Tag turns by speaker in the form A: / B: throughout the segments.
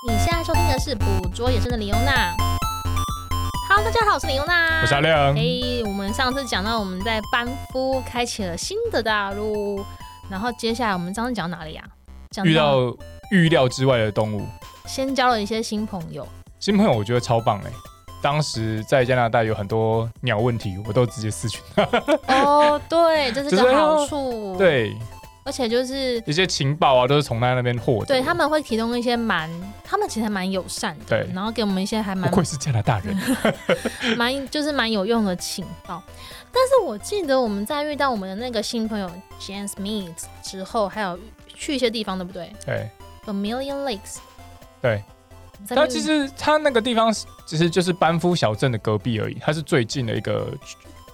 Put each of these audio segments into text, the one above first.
A: 你現在收聽的是捕捉野生的李歐娜。Hello，大家好，我是李歐娜。我是阿亮。哎、hey,，我們上次講到我們在班夫開啟了新的大陸，然後接下來我們上次講哪裡呀、啊？到遇到
B: 預料之外的動物。
A: 先交了一些新朋友。
B: 新朋友我覺得超棒哎、欸，當時在加拿大有很多鳥問題，我都直接私群。哦
A: oh,，對，就是、這是個好處。就是、對。而且就是
B: 一些情報啊，都是從他那邊獲得的。對，
A: 他們會提供一些蠻，他們其實還蠻友善的。對，然後給我們一些還蠻。不愧是加拿大人。蠻、嗯、就是蠻有用的情報， 但是我記得我們在遇到我們的那個新朋友 James Mead 之後，還有去一些地方，對不對？對，A Million Lakes 對。對。但其實
B: 他那個地方其實就是班夫小鎮的隔壁而已，它是最近的一個，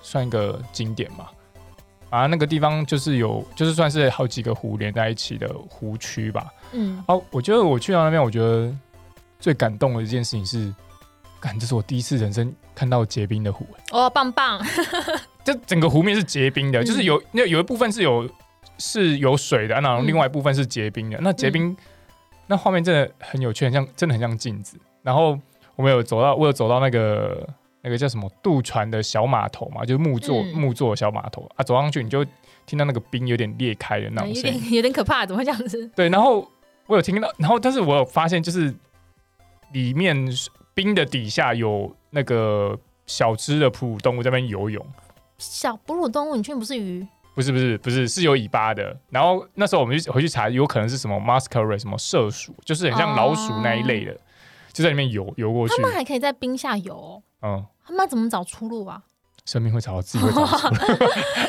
B: 算一個景點嘛。啊，那個地方就是有，就是算是好幾個湖連在一起的湖區吧。嗯，哦、啊，我覺得我去到那邊，我覺得最感動的一件事情是，感覺這是我第一次人生看到結冰的湖。
A: 哦，棒棒！
B: 這 整個湖面是結冰的，嗯、就是有那有一部分是有是有水的，然後另外一部分是結冰的。嗯、那結冰那畫面真的很有趣，很像真的很像鏡子。然後我們有走到，我有走到那個。那個叫什麼渡船的小碼頭嘛，就是木座、嗯、木座的小碼頭啊，走上去你就聽到那個冰有點裂開的那種聲音有，
A: 有點可怕，怎麼會這樣子？
B: 對，然後我有聽到，然後但是我有發現，就是裡面冰的底下有那個小只的哺乳動物在那邊游泳。
A: 小哺乳動物？你確定不是魚？
B: 不是，不是，不是，是有尾巴的。然後那時候我們就回去查，有可能是什麼 Muscarus 什麼麝鼠，就是很像老鼠那一類的，嗯、就在裡面游游過去。他們還
A: 可以在冰下游、哦？嗯。他們怎麼找出路啊？
B: 生命會找到自己會，哈哈
A: 哈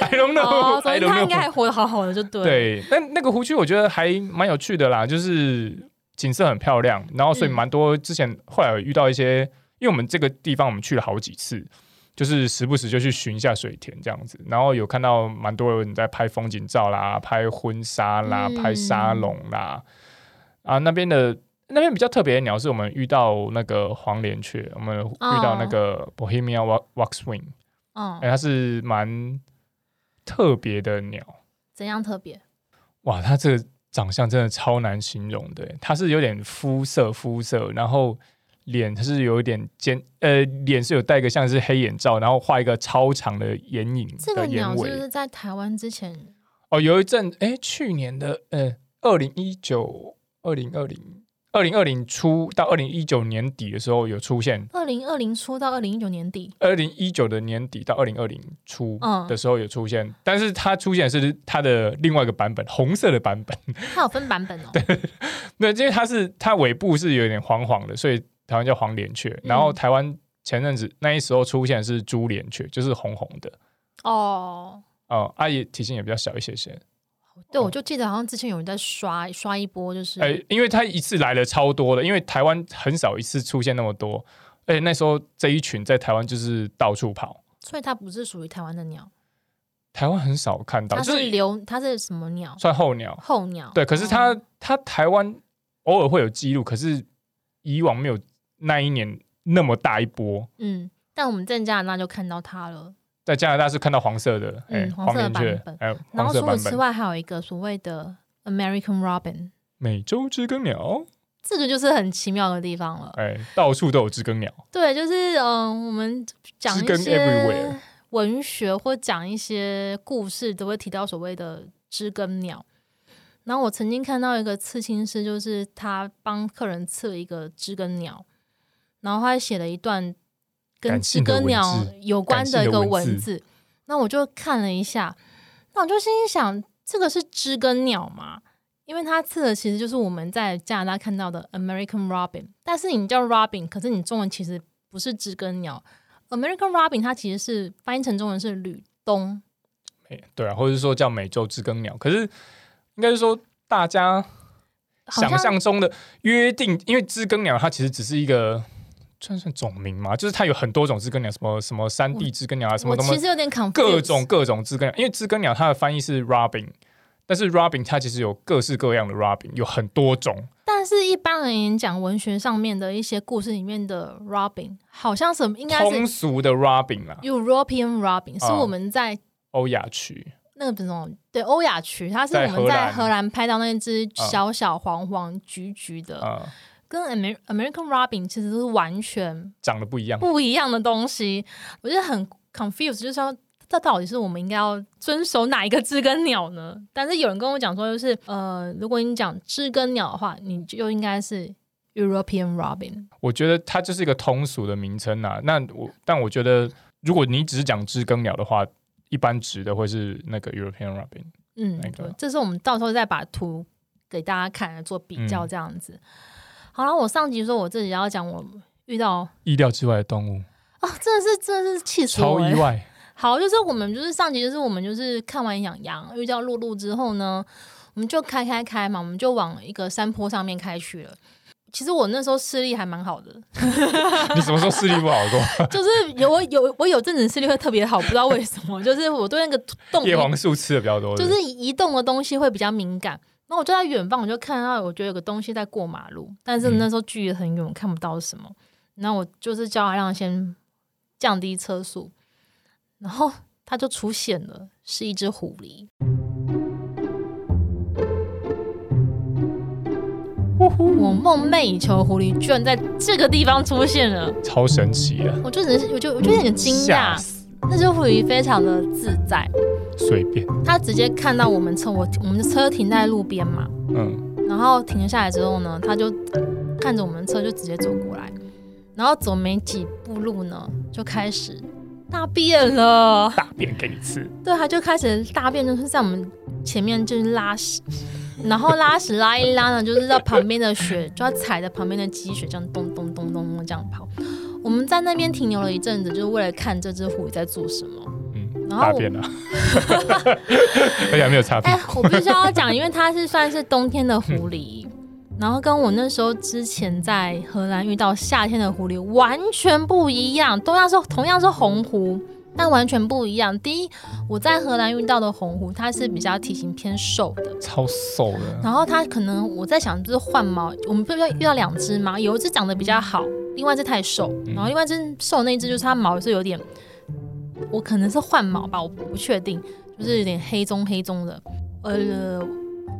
A: I don't know，所以他應該還活得好好的，就對。對，
B: 那那個湖區我覺得還蠻有趣的啦，就是景色很漂亮，然後所以蠻多、嗯、之前後來有遇到一些，因為我們這個地方我們去了好幾次，就是時不時就去巡一下水田這樣子，然後有看到蠻多人在拍風景照啦、拍婚紗啦、嗯、拍沙龍啦，啊那邊的。那邊比較特別的鳥是我們遇到那個黃連雀，oh. 我們遇到那個 Bohemian Waxwing，oh. 欸，它是蠻特別的鳥。
A: 怎樣特別？
B: 哇，它這個長相真的超難形容的。它是有點膚色膚色，然後臉它是有一點尖，呃，臉是有戴一個像是黑眼罩，然後畫一個超長的眼影的眼尾。這個鳥是不
A: 是在台灣之前
B: 哦，有一陣哎，欸，去年的呃，二零一九、二零二零。二零二零初到二零一九年底的時候有出現。
A: 二零二零初到二零一九年底。
B: 二零一九的年底到二零二零初的時候有出現，嗯、但是它出現是它的另外一個版本，紅色的版本。
A: 它有分版本哦。
B: 對，那因為它是它尾部是有點黃黃的，所以台灣叫黃連雀。然後台灣前陣子那時候出現是朱連雀，就是紅紅的。
A: 哦。
B: 哦，阿、啊、姨體型也比較小一些些。
A: 對，我就記得好像之前有人在刷、嗯、刷一波，就是哎、欸，
B: 因為他一次來了超多的，因為台灣很少一次出現那麼多，而、欸、且那時候這一群在台灣就是到處跑，
A: 所以它不是屬於台灣的鳥，
B: 台灣很少看到，它是
A: 留它、就是、是什麼鳥？
B: 算候鳥，候
A: 鳥。對，可是它
B: 它、哦、台灣偶爾會有記錄，可是以往沒有那一年那麼大一波。
A: 嗯，但我們在加拿大就看到它了。
B: 在加拿大是看到黃色的，嗯，黃色的版本。欸、黃色版本。然後除此之外，
A: 還有一個所謂的 American Robin，
B: 美洲知更鳥。
A: 這個就是很奇妙的地方了，哎、
B: 欸，到處都有知更鳥。
A: 對，就是嗯、呃，我們講一些文學或講一些故事，都會提到所謂的知更鳥。然後我曾經看到一個刺青師，就是他幫客人刺了一個知更鳥，然後他還寫了一段。
B: 跟知更鳥有關的一個文字，
A: 的文字，那我就看了一下，那我就心，心想，這個是知更鳥嗎？因為它刺的其實就是我們在加拿大看到的 American Robin，但是你叫 Robin，可是你中文其實不是知更鳥。American Robin 它其實是翻譯成中文是旅鶇，
B: 對啊，或者是說叫美洲知更鳥。可是應該是說大家想象中的約定，因為知更鳥它其實只是一個。算算種名嘛，就是它有很多種知更鳥，什麼什麼山地知更鳥啊，什麼什麼，各種各種知更鳥。因為知更鳥它的翻譯是 Robin，但是 Robin 它其實有各式各樣的 Robin，有很多種。
A: 但是一般人講文學上面的一些故事裡面的 Robin，好像什麼應該是通
B: 俗的 Robin 啊
A: ，European Robin 是我們在歐亞區，那個什麼對歐亞區，它是我們在荷蘭拍到那只小小黃黃橘橘的。嗯跟 American robin 其實是完全
B: 長得不一樣，不
A: 一樣的東西。我覺得很 confused，就是說，這到底是我們應該要遵守哪一個知更鳥呢？但是有人跟我講說，就是呃，如果你講知更鳥的話，你就應該是 European robin。
B: 我覺得它就是一個通俗的名稱啊。那我但我覺得，如果你只是講知更鳥的話，一般指的會是那個 European robin 嗯。嗯、
A: 那個，對，這是我們到時候再把圖給大家看來做比較，這樣子。嗯好了，我上集說我自己要講，我遇到
B: 意料之外的動物
A: 哦、啊，真的是真的是氣死我，欸、超意外。好，就是我們就是上集就是我們就是看完養羊，羊，遇到鹿鹿之後呢，我們就開開開嘛，我們就往一個山坡上面開去了。其實我那時候視力還蠻好的。
B: 你什麼時候視力不好過？
A: 就是有，有，有我有我有陣子視力會特別好，不知道為什麼。 就是我對那個動葉黃素
B: 吃的比較多，就是
A: 移動的東西會比較敏感。那我就在遠方，我就看到，我覺得有個東西在過馬路，但是那時候距離很遠，嗯，看不到什麼。那我就是叫阿亮先降低車速，然後他就出現了，是一隻狐狸呼呼。我夢寐以求的狐狸居然在這個地方出現了，
B: 超神奇啊！我
A: 就得，我就我有點驚訝。那就屬於非常的自在、
B: 隨便。他
A: 直接看到我們車，我我們的車停在路邊嘛，嗯，然後停下來之後呢，他就看着我們車，就直接走過來，然後走沒幾步路呢，就開始大便了。
B: 大便給你吃。
A: 對，他就開始大便，就是在我們前面就是拉屎。然後拉屎拉一拉呢，就是在旁邊的雪，就要踩著旁邊的積雪，這樣咚咚咚咚咚這樣跑。我們在那邊停留了一陣子，就是為了看這隻狐狸在做什麼。嗯，然後我，大便、啊、
B: 沒有擦屁股啊？
A: 我必須要講，因為它是算是冬天的狐狸，嗯、然後跟我那時候之前在荷蘭遇到夏天的狐狸完全不一樣，都像是同樣是紅狐。嗯但完全不一樣。第一，我在荷蘭遇到的紅狐，它是比較體型偏瘦的，
B: 超瘦的。然
A: 後它可能我在想，就是換毛。我們會不是遇到兩隻嗎？有一隻長得比較好，另外一隻太瘦。嗯，然後另外一隻瘦那隻，就是它毛是有點，我可能是換毛吧，我不確定，就是有點黑棕黑棕的。呃，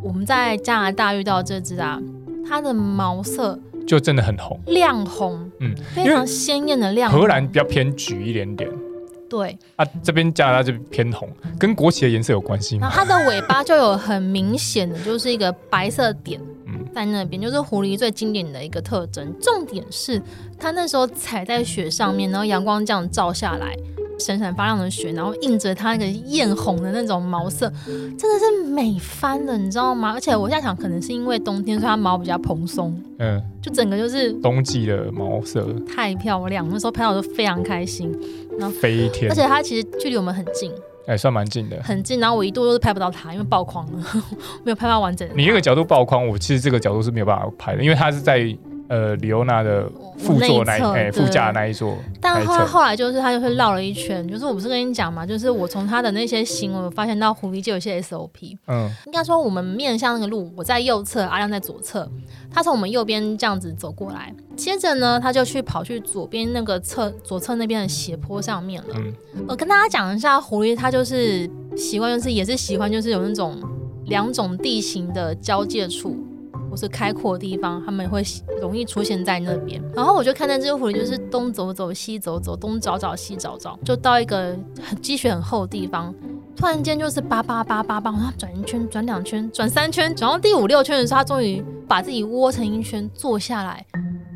A: 我們在加拿大遇到這隻啊，它的毛色
B: 就真的很紅，
A: 亮紅，嗯，非常鮮豔的亮紅。荷蘭比較
B: 偏橘一點點。對，啊，這邊加拿大就偏紅，嗯、跟國旗的顏色有關係嗎？
A: 然後它的尾巴就有很明顯的，就是一個白色點，嗯，在那邊、 嗯，就是狐狸最經典的一個特徵。重點是它那時候踩在雪上面，然後陽光這樣照下來，閃閃發亮的雪，然後映着它那個艷紅的那種毛色，真的是美翻了，你知道嗎？而且我現在想，可能是因為冬天，所以它毛比較蓬鬆，嗯，就整個就是
B: 冬季的毛色，
A: 太漂亮。那時候拍到都非常開心。嗯然後
B: 飛天，而且它其
A: 實距離我們很近，
B: 哎、欸，算蠻近的，很
A: 近。然後我一度都是拍不到它，因為爆框了呵呵，沒有拍到完整的。你
B: 那個角度爆框，我其實這個角度是沒有辦法拍的，因為它是在。呃，李歐娜的副座那,那一、欸，副駕那一座。但後來後
A: 來就是他就會繞了一圈，就是我不是跟你講嘛，就是我從他的那些行為，我發現到狐狸就有些 SOP。嗯。應該說我們面向那個路，我在右側，阿亮在左側。他從我們右邊這樣子走過來，接着呢，他就去跑去左邊那個側，左側那邊的斜坡上面了。我、嗯呃、跟大家講一下，狐狸他就是習慣，就是也是喜歡，就是有那種兩種地形的交界處。是開闊的地方，他們會容易出現在那邊。然後我就看到這個狐狸，就是東走走，西走走，東找找，西找找，就到一個很積雪很厚的地方，突然間就是叭叭叭叭叭，然後轉一圈，轉兩圈，轉三圈，轉到第五六圈的時候，它終於把自己窩成一圈，坐下來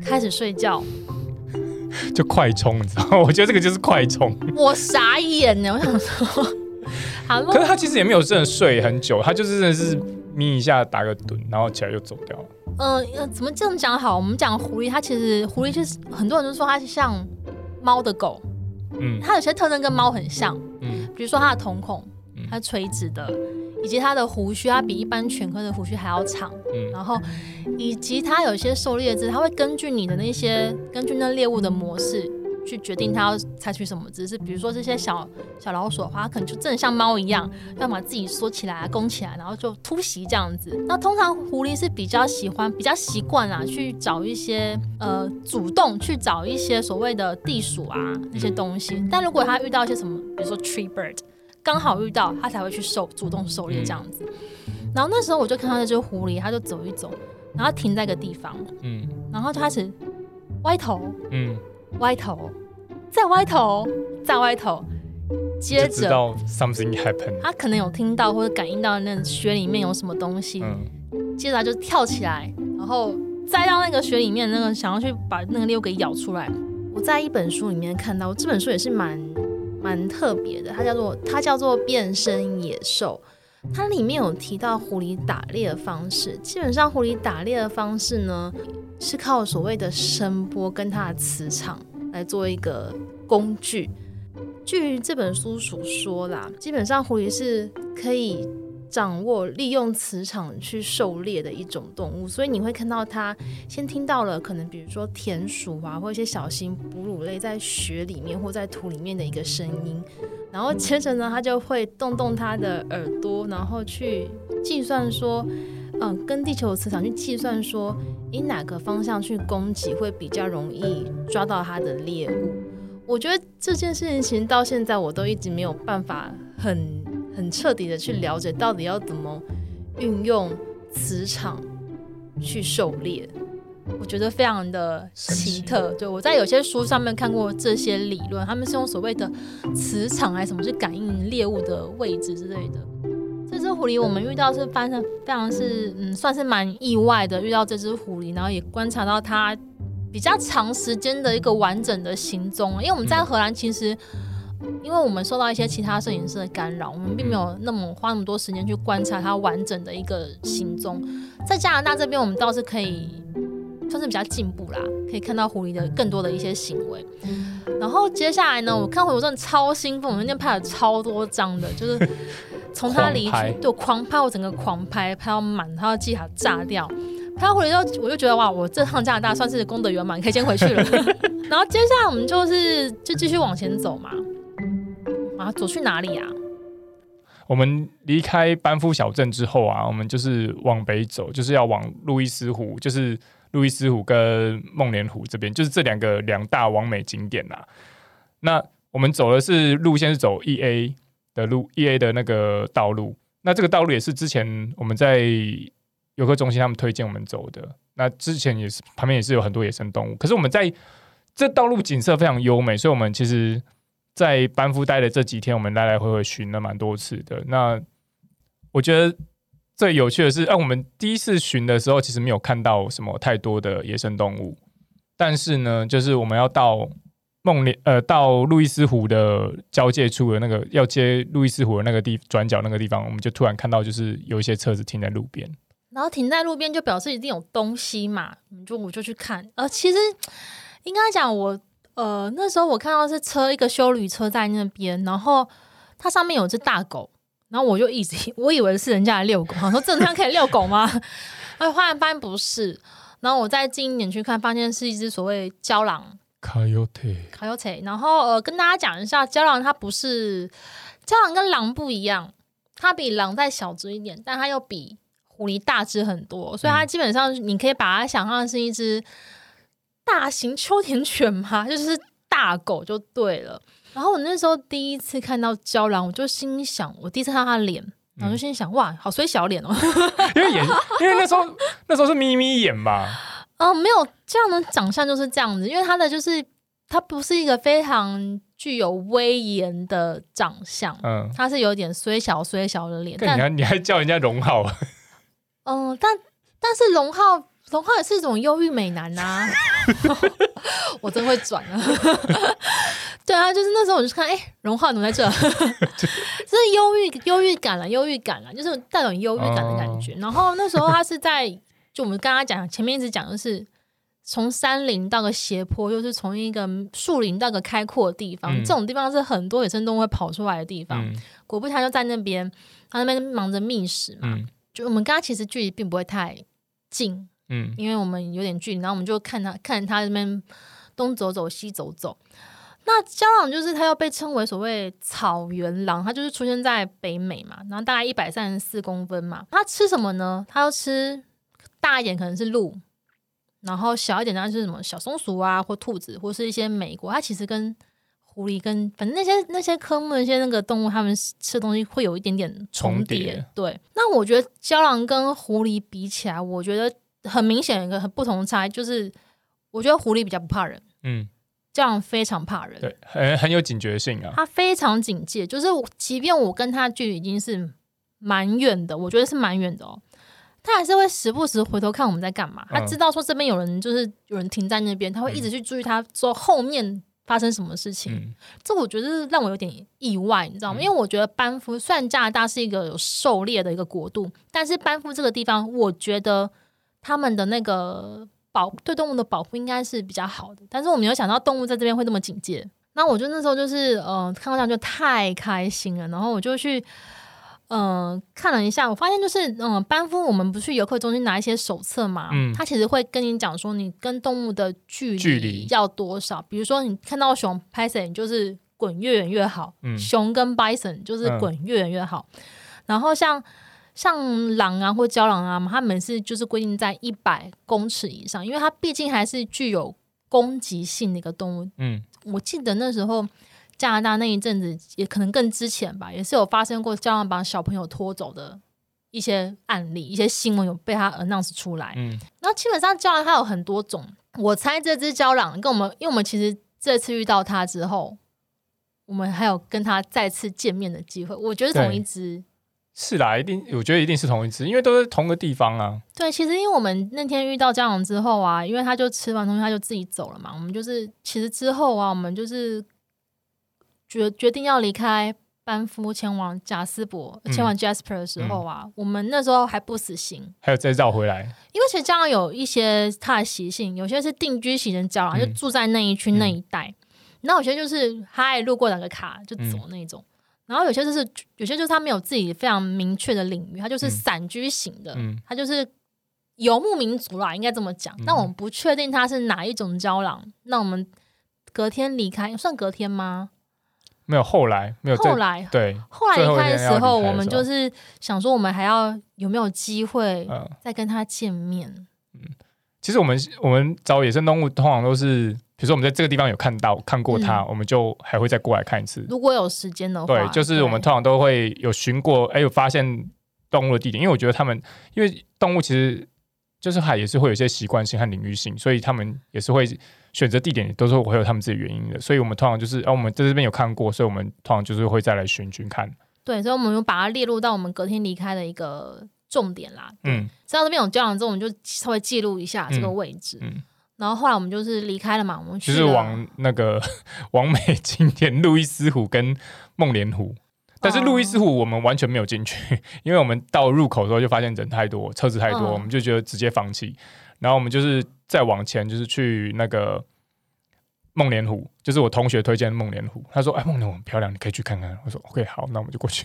A: 開始睡覺，
B: 就快充，你知道？我覺得這個就是快充。
A: 我傻眼了，我想說呵呵，可是他其
B: 實也沒有真的睡很久，他就是真的是。嗯眯一下，打個盹，然後起來就走掉了。
A: 嗯、呃，怎麼這樣講好？我們講狐狸，它其實狐狸就是很多人都說它是像貓的狗。嗯，它有些特徵跟貓很像。嗯，比如說它的瞳孔，它是垂直的，嗯、以及它的鬍鬚，它比一般犬科的鬍鬚還要長。嗯，然後以及它有些狩獵姿勢，它會根據你的那些，嗯、根據那獵物的模式。去決定它要採取什麼姿勢，比如說這些小小老鼠的話，他可能就真的像貓一樣，要把自己縮起來、弓起來，然後就突襲這樣子。那通常狐狸是比較喜歡、比較習慣啊，去找一些呃主動去找一些所謂的地鼠啊那些東西。嗯、但如果它遇到一些什麼，比如說 tree bird，剛好遇到它才會去狩，主動狩獵這樣子、嗯。然後那時候我就看到那隻狐狸，它就走一走，然後停在一個地方，嗯，然後就開始歪頭，嗯。歪頭，再歪頭，再歪頭，接着
B: ，something happened，他
A: 可能有聽到或者感應到那個雪裡面有什麼東西，嗯、接着他就跳起來，然後栽到那個雪裡面，那個想要去把那個獵物給咬出來。我在一本書裡面看到，這本書也是蠻蠻特別的，它叫做它叫做變身野獸。它裡面有提到狐狸打獵的方式，基本上狐狸打獵的方式呢，是靠所謂的聲波跟它的磁場來做一個工具。據這本書所說啦，基本上狐狸是可以。掌握利用磁場去狩獵的一種動物，所以你會看到它先聽到了可能比如說田鼠啊，或一些小型哺乳類在雪裡面或在土裡面的一個聲音，然後接着呢，它就會動動它的耳朵，然後去計算說，嗯、呃，跟地球磁場去計算說，以哪個方向去攻擊會比較容易抓到它的獵物。我覺得這件事情其實到現在我都一直沒有辦法很。很徹底的去了解到底要怎麼運用磁場去狩獵，我覺得非常的奇特。對，我在有些書上面看過這些理論，他們是用所謂的磁場還是什麼去感應獵物的位置之類的。這隻狐狸我們遇到是非常非常是嗯，算是蠻意外的遇到這隻狐狸，然後也觀察到它比較長時間的一個完整的行蹤。因為我們在荷蘭其實。因為我們受到一些其他攝影師的干擾，我們並沒有那麼花那麼多時間去觀察它完整的一個行蹤。在加拿大這邊，我們倒是可以算是比較進步啦，可以看到狐狸的更多的一些行為。然後接下來呢，我看狐狸真的超興奮，我那天拍了超多張的，就是從它離去就狂拍，我整個狂拍拍到滿，它的記憶卡炸掉。拍到狐狸後，我就覺得哇，我這趟加拿大算是功德圓滿，可以先回去了。 然後接下來我們就是就繼續往前走嘛。啊，走去哪裡啊？
B: 我們離開班夫小鎮之後啊，我們就是往北走，就是要往路易斯湖，就是路易斯湖跟夢蓮湖這邊，就是這兩個兩大網美景點啊。那我們走的是路線是走 E A 的路，E A 的那個道路。那這個道路也是之前我們在遊客中心他們推薦我們走的。那之前也是旁邊也是有很多野生動物，可是我們在這道路景色非常優美，所以我們其實。在班夫待的這幾天，我們來來回回巡了蠻多次的。那我覺得最有趣的是，啊，我們第一次巡的時候，其實沒有看到什麼太多的野生動物。但是呢，就是我們要到夢蓮，呃，到路易斯湖的交界處的那個要接路易斯湖的那個地轉角那個地方，我們就突然看到就是有一些車子停在路邊，
A: 然後停在路邊就表示一定有東西嘛。我們就我就去看，呃，其實應該講我。呃，那時候我看到是車一個休旅車在那邊，然後它上面有隻大狗，然後我就一直我以為是人家來遛狗，我說正常可以遛狗嗎？哎，發現不是。然後我再近一點去看，發現是一隻所謂郊狼
B: （coyote）。
A: coyote。然後呃，跟大家講一下，郊狼它不是郊狼，跟狼不一樣，它比狼再小隻一點，但它又比狐狸大隻很多，所以它基本上你可以把它想象是一隻。大型秋田犬嗎？就是大狗就對了。然後我那時候第一次看到郊狼，我就心想，我第一次看到他臉臉，嗯、然後就心想，哇，好衰小臉哦。
B: 因為眼，因為那時候那時候是咪咪眼吧。
A: 哦、呃，沒有，這樣的長相就是這樣子，因為他的就是他不是一個非常具有威嚴的長相，嗯，他是有點衰小衰小的臉，對，你還你還
B: 叫人家榮浩。
A: 嗯、 呃，但但是榮浩榮浩也是一種憂鬱美男吶、啊。 我真會轉啊！ 對啊，就是那時候我就看，哎，榮浩怎麼在這兒？這 是憂鬱，憂鬱感了、啊，憂鬱感了、啊，就是帶有憂鬱感的感覺、哦。然後那時候他是在，就我們剛剛講前面一直講，的是從山林到個斜坡，又、就是從一個樹林到個開闊的地方、嗯，這種地方是很多野生動物會跑出來的地方。嗯、果不其然就在那邊，他那邊忙着覓食嘛。嗯、就我們跟他其實距離並不會太近。嗯，因為我們有點距離，然後我們就看他看他，這邊東走走西走走。那郊狼就是它又被稱為所謂草原狼，它就是出現在北美嘛，然後大概一百三十四公分嘛。它吃什麼呢？它要吃大一點可能是鹿，然後小一點那是什麼小松鼠啊，或兔子，或是一些美國。它其實跟狐狸跟，反正那些那些科目那些那個動物，它們吃的東西會有一點點重疊。重疊，對，那我覺得郊狼跟狐狸比起來，我覺得。很明顯，一個很不同的差異就是，我覺得狐狸比較不怕人，嗯，這樣非常怕人，對，
B: 很很有警覺性啊，它
A: 非常警戒，就是即便我跟它距離已經是蠻遠的，我覺得是蠻遠的哦、喔，它還是會時不時回頭看我們在幹嘛，它、嗯、知道說這邊有人，就是有人停在那邊，它會一直去注意它說後面發生什麼事情、嗯，這我覺得是讓我有點意外，你知道嗎？嗯、因為我覺得班夫雖然加拿大是一個有狩獵的一個國度，但是班夫這個地方，我覺得。他們的那個保對動物的保護應該是比較好的，但是我沒有想到動物在這邊會這麼警戒。那我就那時候就是嗯、呃，看到這樣就太開心了。然後我就去嗯、呃、看了一下，我發現就是嗯、呃，班夫我們不是遊客中心拿一些手冊嘛、嗯，他其實會跟你講說你跟動物的距離要多少。比如說你看到熊 bison 就是滾越遠越好、嗯，熊跟 bison 就是滾越遠越好。嗯、然後像像狼啊，或郊狼啊，它每次就是規定在一百公尺以上，因為它畢竟還是具有攻擊性的一個動物。嗯，我記得那時候加拿大那一陣子，也可能更之前吧，也是有發生過郊狼把小朋友拖走的一些案例，一些新聞有被它 announce 出來。嗯，然後基本上郊狼它有很多種，我猜這只郊狼跟我們，因為我們其實這次遇到它之後，我們還有跟它再次見面的機會，我覺得同一只。
B: 是啦，一定，我覺得一定是同一隻，因為都是同個地方啊。
A: 對，其實因為我們那天遇到郊狼之後啊，因為他就吃完東西，他就自己走了嘛。我們就是其實之後啊，我們就是決決定要離開班夫前往賈斯伯，嗯、前往 Jasper 的時候啊、嗯，我們那時候還不死心，
B: 還有再繞回來。
A: 因為其實郊狼有一些它的習性，有些是定居型的郊狼，就住在那一區那一帶。嗯嗯、那有些就是嗨，路過打個卡就走那種。嗯然後有些就是，有些就是他沒有自己非常明確的領域，他就是散居型的，嗯嗯、他就是游牧民族啦，應該這麼講。但我們不確定他是哪一種郊狼，嗯。那我們隔天離開，算隔天嗎？
B: 沒有，後來沒有，後來對，後來後離開的時候，我們就是
A: 想說，我們還要有沒有機會再跟他見面？嗯、
B: 其實我們我們找野生動物，通常都是。其實我們在這個地方有看到、看過它、嗯，我們就還會再過來看一次。
A: 如果有時間的話，對，就是我們
B: 通常都會有巡過，哎，有發現動物的地點。因為我覺得他們，因為動物其實就是還，也是會有一些習慣性和領域性，所以他們也是會選擇地點，都是會有他們自己的原因的。所以我們通常就是，啊、我們在這邊有看過，所以我們通常就是會再來巡巡看。
A: 對，所以我們有把它列入到我們隔天離開的一個重點啦。嗯，知道這邊有教堂之後，我們就稍微記錄一下這個位置。嗯。嗯然後後來我們就是離開了嘛，我們去就是往
B: 那個往美景點路易斯湖跟夢蓮湖。但是路易斯湖我們完全沒有進去，嗯、因為我們到入口的時候就發現人太多，車子太多，嗯、我們就覺得直接放棄。然後我們就是再往前，就是去那個夢蓮湖，就是我同學推薦夢蓮湖，他說：“哎，夢蓮湖很漂亮，你可以去看看。”我說：“OK，好，那我們就過去。”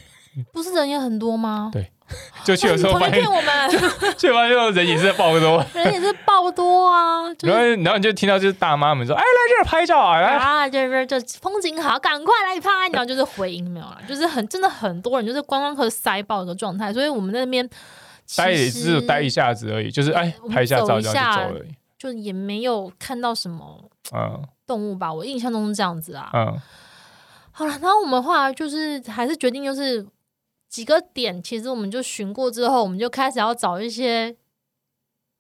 A: 不是人也很多嗎？對， 就去的時候發現 我
B: 們，完發現人也是爆多，人也
A: 是。 多多啊！然、就、後、是，
B: 然後你就聽到就是大媽們說：“ 哎，來這兒拍照啊！啊，
A: 這邊這風景好，趕快來拍。 ”然後就是回音沒有了，就是很真的很多人，就是觀光客光塞爆的狀態。所以我們在那邊待也只有待一
B: 下子而已，就是哎拍、哎、一下拍照就去
A: 照就也沒有看到什麼啊動物吧、嗯。我印象中是這樣子啊。嗯，好了，然後我們後來就是還是決定，就是幾個點，其實我們就巡過之後，我們就開始要找一些。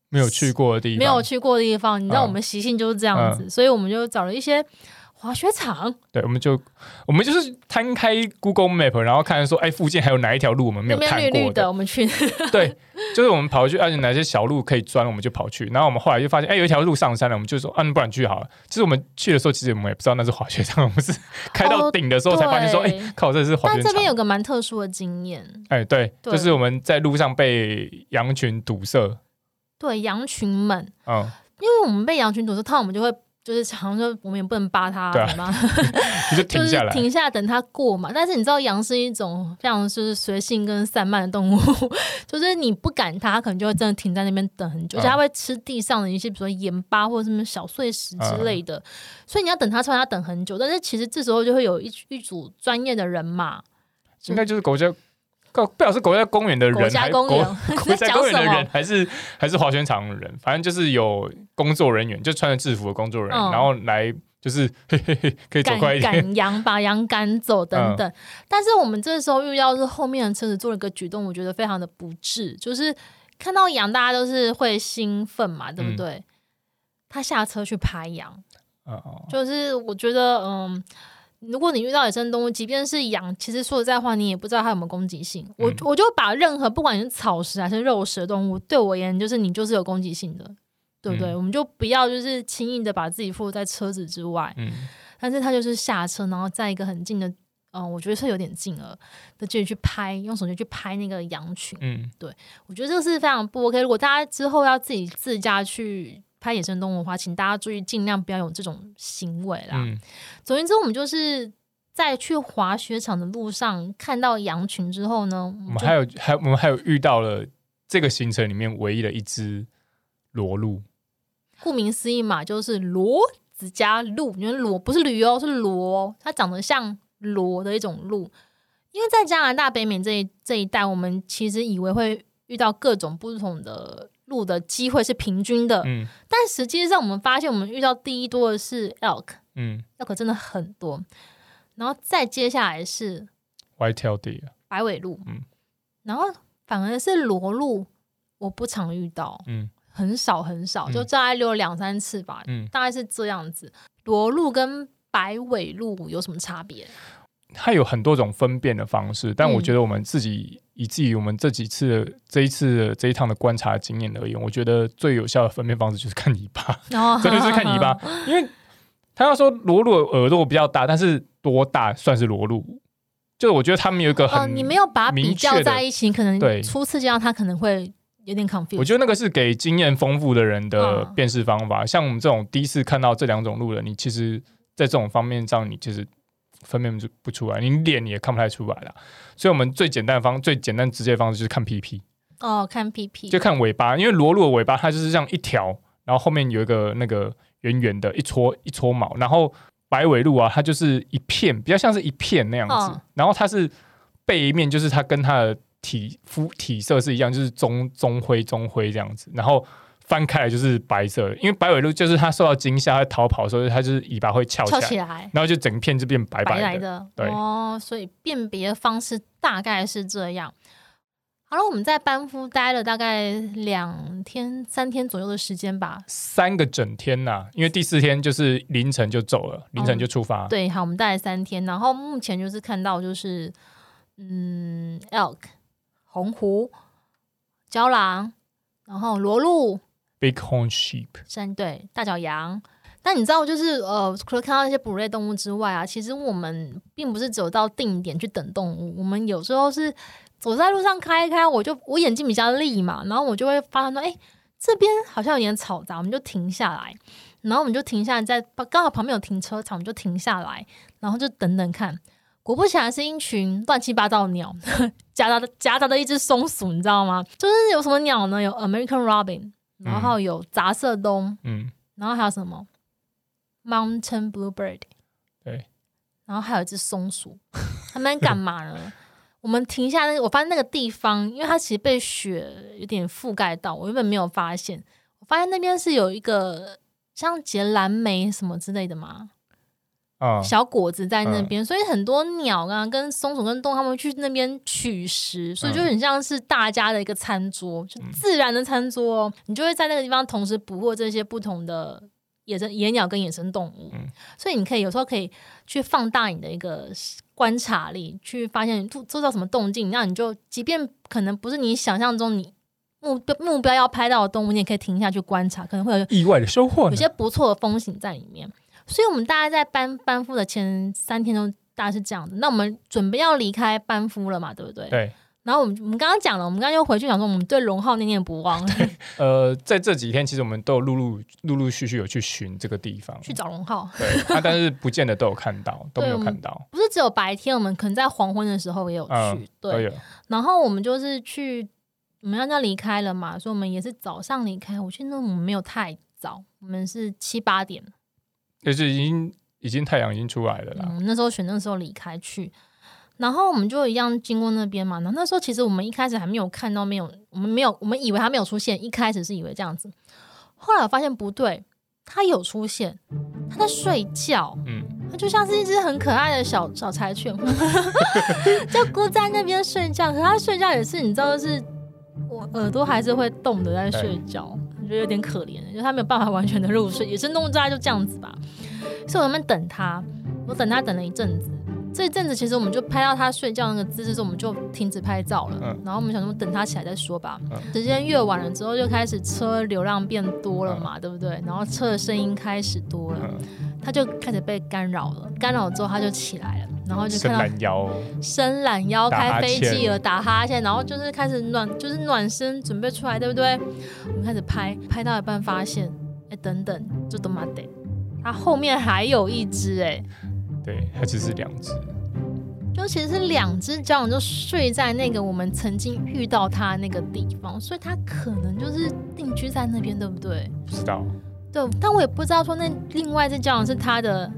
B: 沒有去過的地方，沒有
A: 去過的地方，你知道我們習性就是這樣子，嗯嗯、所以我們就找了一些滑雪場。
B: 對，我們就我們就是攤開 Google Map，然後看說，哎，附近還有哪一條路我們沒有看過的，有綠綠的，我們去對。 對，就是我們跑去，而、啊、且哪些小路可以鑽，我們就跑去。然後我們後來就發現，哎，有一條路上山了，我們就說，啊，不然去好了。就是我們去的時候，其實我們也不知道那是滑雪場，我們是開到頂的時候才發現說，哎、哦，靠，這是滑雪場。但這邊
A: 有個蠻特殊的經驗，
B: 哎，對，就是我們在路上被羊群堵塞。
A: 對羊群們、哦，因為我們被羊群堵住，它，我們就會就是常說我們也不能扒它、啊，
B: 就是停
A: 下等它過嘛。但是你知道羊是一種非常就是隨性跟散漫的動物，就是你不趕它，他可能就會真的停在那邊等很久，而且它會吃地上的一些比如說鹽巴或者什麼小碎石之類的。哦、所以你要等它，出來它等很久，但是其實這時候就會有一一組專業的人嘛，
B: 應該就是狗叫。不曉得是國家公園的人，國家公園在講
A: 什麼？在公園的人，
B: 還是 還是滑雪場的人，反正就是有工作人員，就穿着制服的工作人員。嗯、然後來就是嘿嘿嘿可以更快一點趕
A: 羊，把羊趕走等等、嗯。但是我們這時候遇到是後面的車子做了一個舉動，我覺得非常的不智，就是看到羊大家都是會興奮嘛，對不對？嗯、他下車去拍羊、
B: 嗯，
A: 就是我覺得嗯。如果你遇到野生動物，即便是羊，其實說實在話，你也不知道它有沒有攻擊性。我、嗯、我就把任何不管是草食還是肉食的動物，對我而言就是你就是有攻擊性的，對不對，對、嗯？我們就不要就是輕易的把自己附在車子之外。嗯，但是他就是下車，然後在一個很近的，嗯、呃，我覺得是有點近了，的距離去拍，用手機去拍那個羊群。嗯，對我覺得這個是非常不 OK。如果大家之後要自己自駕去。拍野生動物的話，請大家注意，盡量不要有這種行為啦。嗯、總言之，我們就是在去滑雪場的路上看到羊群之後呢，我們還有
B: 還我們還有遇到了這個行程裡面唯一的一只騾鹿。
A: 顧名思義嘛，就是騾子加鹿，因為騾不是驢哦、喔，是騾，它長得像騾的一種鹿。因為在加拿大北面這一這一帶，我們其實以為會遇到各種不同的。鹿的機會是平均的。嗯、但實際上我們發現，我們遇到第一多的是 elk，嗯，elk 真的很多，然後再接下來是
B: white tail deer
A: 白尾鹿。嗯，然後反而是騾鹿，我不常遇到，嗯，很少很少，就大概溜了兩三次吧，嗯，大概是這樣子。騾鹿跟白尾鹿有什麼差別？
B: 它有很多種分辨的方式，但我覺得我們自己。以至於我們這幾次、這一次、這一趟的觀察的經驗而言，我覺得最有效的分辨方式就是看尾巴、
A: 哦，真的是看尾巴、
B: 哦。因為呵呵他要說騾鹿耳朵比較大，但是多大算是騾鹿？就我覺得他們有一個很明確的、呃……你沒有把比較在一
A: 起，可能對初次見到他可能會有點 confused。我覺得
B: 那個是給經驗豐富的人的辨識方法，哦、像我們這種第一次看到這兩種鹿的，你其實在這種方面上，你其實。分辨不不出來，你臉你也看不太出來了，所以我們最簡單的方最簡單直接的方式就是看 PP 屁屁
A: 哦，看 PP 屁屁就看
B: 尾巴，因為騾鹿的尾巴它就是這樣一條，然後後面有一個那個圓圓的一撮一撮毛，然後白尾鹿啊，它就是一片，比較像是一片那樣子，哦、然後它是背面就是它跟它的體膚體色是一樣，就是棕棕灰棕灰這樣子，然後。翻開來就是白色，因為白尾鹿就是它受到驚嚇，它逃跑的時候，它就是尾巴會翹起來翹起來，然後就整片就變白白的。白白的對哦，
A: 所以辨別方式大概是這樣。好了，我們在班夫待了大概兩天、三天左右的時間吧，
B: 三個整天吶、啊，因為第四天就是凌晨就走了，凌晨就出發、哦。對，
A: 好，我們待了三天，然後目前就是看到就是，嗯，elk 紅狐、郊狼，然後騾鹿。
B: Bighorn sheep，
A: 山對大角羊。但你知道，就是呃，除了看到那些哺乳類動物之外啊，其實我們並不是走到定點去等動物。我們有時候是走在路上開一開，我就我眼睛比較利嘛，然後我就會發現說，誒、欸，這邊好像有點嘈雜，我們就停下來，然後我們就停下來在，在剛好旁邊有停車場，我們就停下來，然後就等等看。果不其然是一群亂七八糟的鳥，夾雜夾雜的一只松鼠，你知道嗎？就是有什麼鳥呢？有 American Robin。然後有雜色鶇，嗯，然後還有什麼？Mountain Bluebird，對，然後還有一只松鼠，它在幹嘛呢？ 我們停下來，那我發現那個地方，因為它其實被雪有點覆蓋到，我原本沒有發現，我發現那邊是有一個像結藍莓什麼之類的嗎？小果子在那邊，哦嗯，所以很多鳥啊，跟松鼠、跟動物，它們去那邊取食，所以就很像是大家的一個餐桌，嗯、就自然的餐桌，嗯。你就會在那個地方同時捕獲這些不同的野生野鳥跟野生動物。嗯、所以你可以有時候可以去放大你的一個觀察力，去發現做到什麼動靜，那你就即便可能不是你想象中你目目標要拍到的動物，你也可以停下去觀察，可能會有意外的收穫，有些不錯的風景在裡面。所以，我們大家在班班夫的前三天都，大概是這樣子。那我們準備要離開班夫了嘛，對不對？對。然後我們我們剛剛講了，我們剛剛又回去想說，我們對榮浩念念不忘。
B: 呃，在這幾天，其實我們都有陸陸,陸陸陸續續有去尋這個地
A: 方，去找榮浩。
B: 對、啊。但是不見得都有看到， 都沒有看到。
A: 不是只有白天，我們可能在黃昏的時候也有去。嗯、對。都有。然後我們就是去，我們要要離開了嘛？所以我們也是早上離開。我覺得我們沒有太早，我們是七八點。
B: 就是已經已經太陽已經出來了啦。嗯、
A: 那時候選那時候離開去，然後我們就一樣經過那邊嘛。那那時候其實我們一開始還沒有看到，沒有我們沒有我們以為它沒有出現，一開始是以為這樣子。後來我發現不對，它有出現，它在睡覺，它就像是一隻很可愛的小小柴犬，嗯、 就孤在那邊睡覺。可是它睡覺也是，你知道，就是我耳朵還是會動的，在睡覺。欸我覺得有點可憐，因為他沒有辦法完全的入睡，野生動物就這樣子吧。所以我在那邊等他，我等他等了一陣子，這一陣子其實我們就拍到他睡覺那個姿勢，就我們就停止拍照了。然後我們想說我們等他起來再說吧。啊、時間越晚了之後，就開始車流量變多了嘛、啊，對不對？然後車的聲音開始多了，他就開始被干擾了。干擾之後，他就起來了。然後就看伸懶腰、開飛機了、打哈欠，然後就是開始暖，就是暖身，準備出來，對不對？我們開始拍，拍到一半發現，哎，等等，這都嘛的，它後面還有一隻、欸，哎，
B: 對，它只是兩隻，
A: 就其實是兩隻郊狼，就睡在那個我們曾經遇到它那個地方，所以它可能就是定居在那邊，對不對？不知道，對，但我也不知道說那另外一隻郊狼是它的。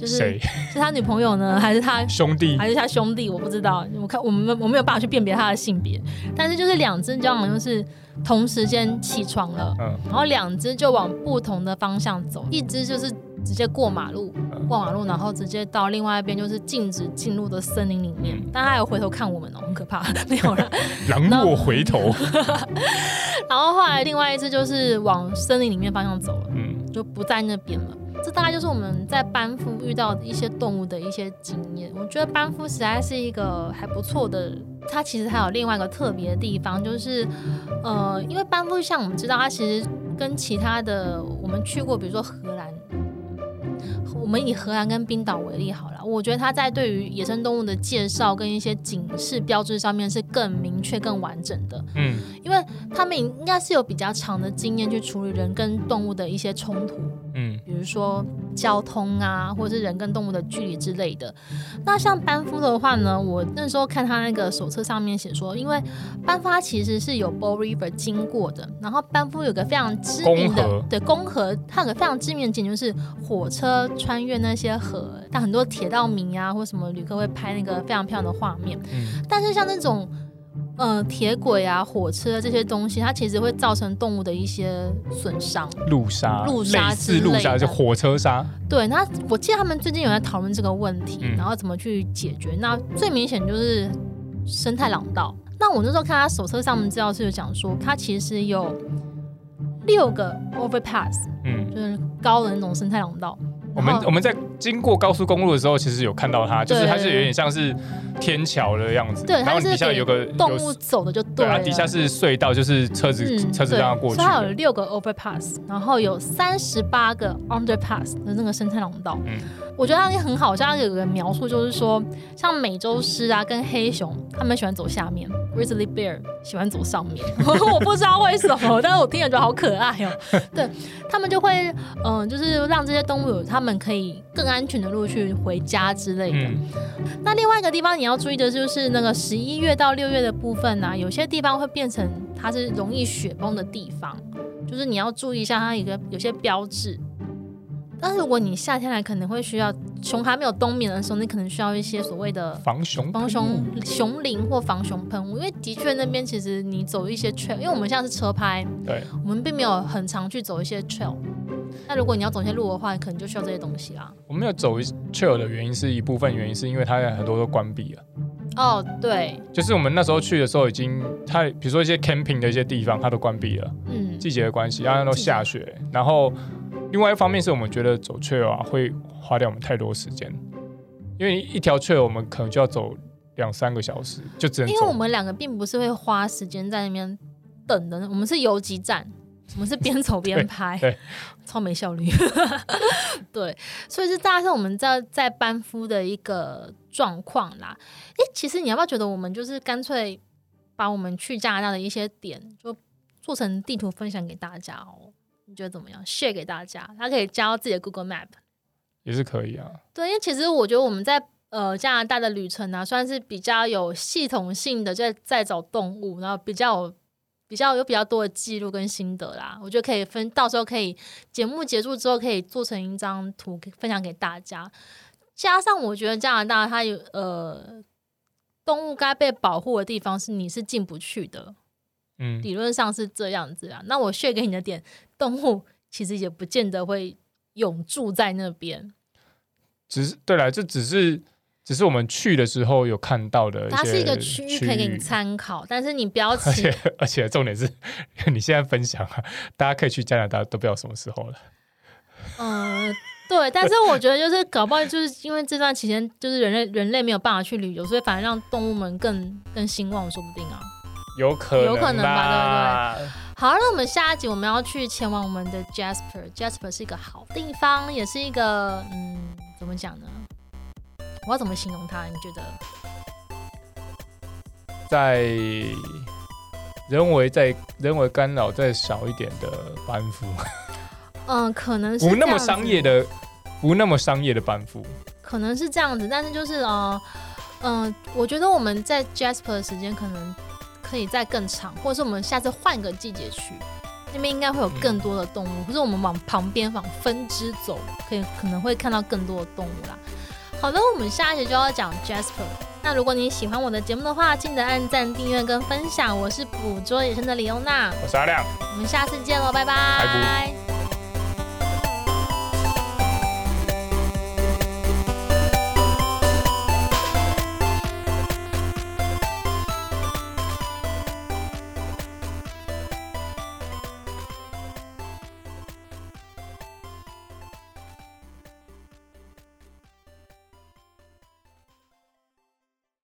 A: 就是誰？是他女朋友呢？還是他兄弟？還是他兄弟？我不知道，我看我們我沒有辦法去辨別他的性別。但是就是兩只，就好像就是同時間起床了，嗯，然後兩只就往不同的方向走，一只就是直接過馬路、嗯，過馬路，然後直接到另外一邊，就是禁止進入的森林裡面。嗯、但他還有回頭看我們哦、喔，很可怕，嗯、 沒有人
B: 狼若回頭。
A: 然後, 然後後來另外一只就是往森林裡面方向走了，嗯，就不在那邊了。這大概就是我們在班夫遇到的一些動物的一些經驗。我覺得班夫實在是一個還不錯的。它其實還有另外一個特別的地方，就是呃，因為班夫像我們知道，它其實跟其他的我們去過，比如說荷蘭，我們以荷蘭跟冰島為例好了。我覺得它在對於野生動物的介紹跟一些警示標誌上面是更明確、更完整的。嗯，因為他們應該是有比較長的經驗去處理人跟動物的一些衝突。嗯，比如說交通啊，或者是人跟動物的距離之類的。那像班夫的話呢，我那時候看他那個手冊上面寫說，因為班夫其實是有 Bow River 經過的，然後班夫有個非常知名的的弓河，它有個非常知名的景點就是火車穿越那些河，但很多鐵道迷啊或什麼旅客會拍那個非常漂亮的畫面。嗯。但是像那種。嗯、呃，鐵軌啊，火車、啊、這些東西，它其實會造成動物的一些損傷。
B: 路殺，路殺，之類，路殺，就是、火車殺。
A: 對，那我記得他們最近有在討論這個問題，然後怎麼去解決。嗯、那最明顯就是生態廊道。那我那時候看他手冊上面資料、嗯、是有講說，他其實有六個 overpass，嗯，就是高的那種生態廊道。我們我們
B: 在。經過高速公路的時候，其實有看到它，就是它是有點像是天橋的樣子。對，然後底下有個有動物
A: 走的就對了，它底下
B: 是隧道，就是車子、嗯、車子剛剛過去。它有六
A: 個 overpass，然後有三十八個 underpass 的那個生態廊道。嗯，我覺得它也很好，像他有個描述就是說，像美洲獅啊跟黑熊，它們喜歡走下面，grizzly bear 喜歡走上面。 我不知道為什麼， 但是我聽了覺得好可愛哦、喔。 對，他們就會嗯、呃，就是讓這些動物他們可以更。安全的路去回家之類的。嗯。那另外一個地方你要注意的就是，那個十一月到六月的部分呢、啊，有些地方會變成它是容易雪崩的地方，就是你要注意一下它一個有些標誌。但是如果你夏天來，可能會需要熊還沒有冬眠的時候，你可能需要一些所謂的防熊、防熊、防熊熊鈴或防熊噴霧，因為的確那邊其實你走一些 trail，因為我們現在是車拍，對，我們並沒有很常去走一些 trail。那如果你要走一些路的話，可能就需要這些東西啦、啊。
B: 我沒有走一 trail 的原因是一部分原因，是因為它很多都關閉
A: 了。哦、oh,，對，
B: 就是我們那時候去的時候，已經它比如說一些 camping 的一些地方，它都關閉了。嗯，季節的關係，然後都下雪、嗯。然後另外一方面是我們覺得走 trail、啊、會花掉我們太多時間，因為一條 trail 我們可能就要走兩三個小時，就只能因為我
A: 們兩個並不是會花時間在那邊等的，我們是游擊戰。我們是邊走邊拍，超沒效率。 對，所以是大家是我們在在班夫的一個狀況啦。哎、欸，其實你要不要覺得我們就是乾脆把我們去加拿大的一些點，就做成地圖分享給大家哦、喔？你覺得怎麼樣？share 給大家，他可以加到自己的 Google Map
B: 也是可以啊。
A: 對，因為其實我覺得我們在呃加拿大的旅程呢、啊，算是比較有系統性的在，在在找動物，然後比較有。比較有比較多的記錄跟心得啦，我覺得可以分，到時候可以節目結束之後可以做成一張圖分享給大家。加上我覺得加拿大它有呃動物該被保護的地方是你是進不去的，嗯，理論上是這樣子啊。那我 share 給你的點動物其實也不見得會永住在那邊，
B: 只是對啦，就只是。只是我們去的時候有看到的。它是一個區域可以給你參
A: 考，但是你不要去。而且
B: 而且重點是，你現在分享啊，大家可以去加拿大都不知道什麼時候了。
A: 嗯、呃，對。但是我覺得就是搞不好就是因為這段期間就是人類 人類沒有辦法去旅遊，所以反而讓動物們更更興旺，說不定啊，有可
B: 能有可能吧，對不對。
A: 好，那我們下一集我們要去前往我們的 Jasper，Jasper Jasper 是一個好地方，也是一個嗯，怎麼講呢？我要怎麼形容他？你覺得？
B: 在人為在人為干擾再少一點的班夫，
A: 嗯，可能是不那麼商業
B: 的，不那麼商業的班夫，
A: 可能是這樣子。但是就是嗯、呃呃，我覺得我們在 Jasper 的時間可能可以再更長，或者是我們下次換個季節去，那邊應該會有更多的動物。嗯、或是我們往旁邊往分支走，可以可能會看到更多的動物啦。好的，我們下一期就要講 Jasper。那如果你喜歡我的節目的話，記得按讚、訂閱跟分享。我是捕捉野生的李歐娜，我
B: 是阿亮，我
A: 們下次見嘍，拜拜。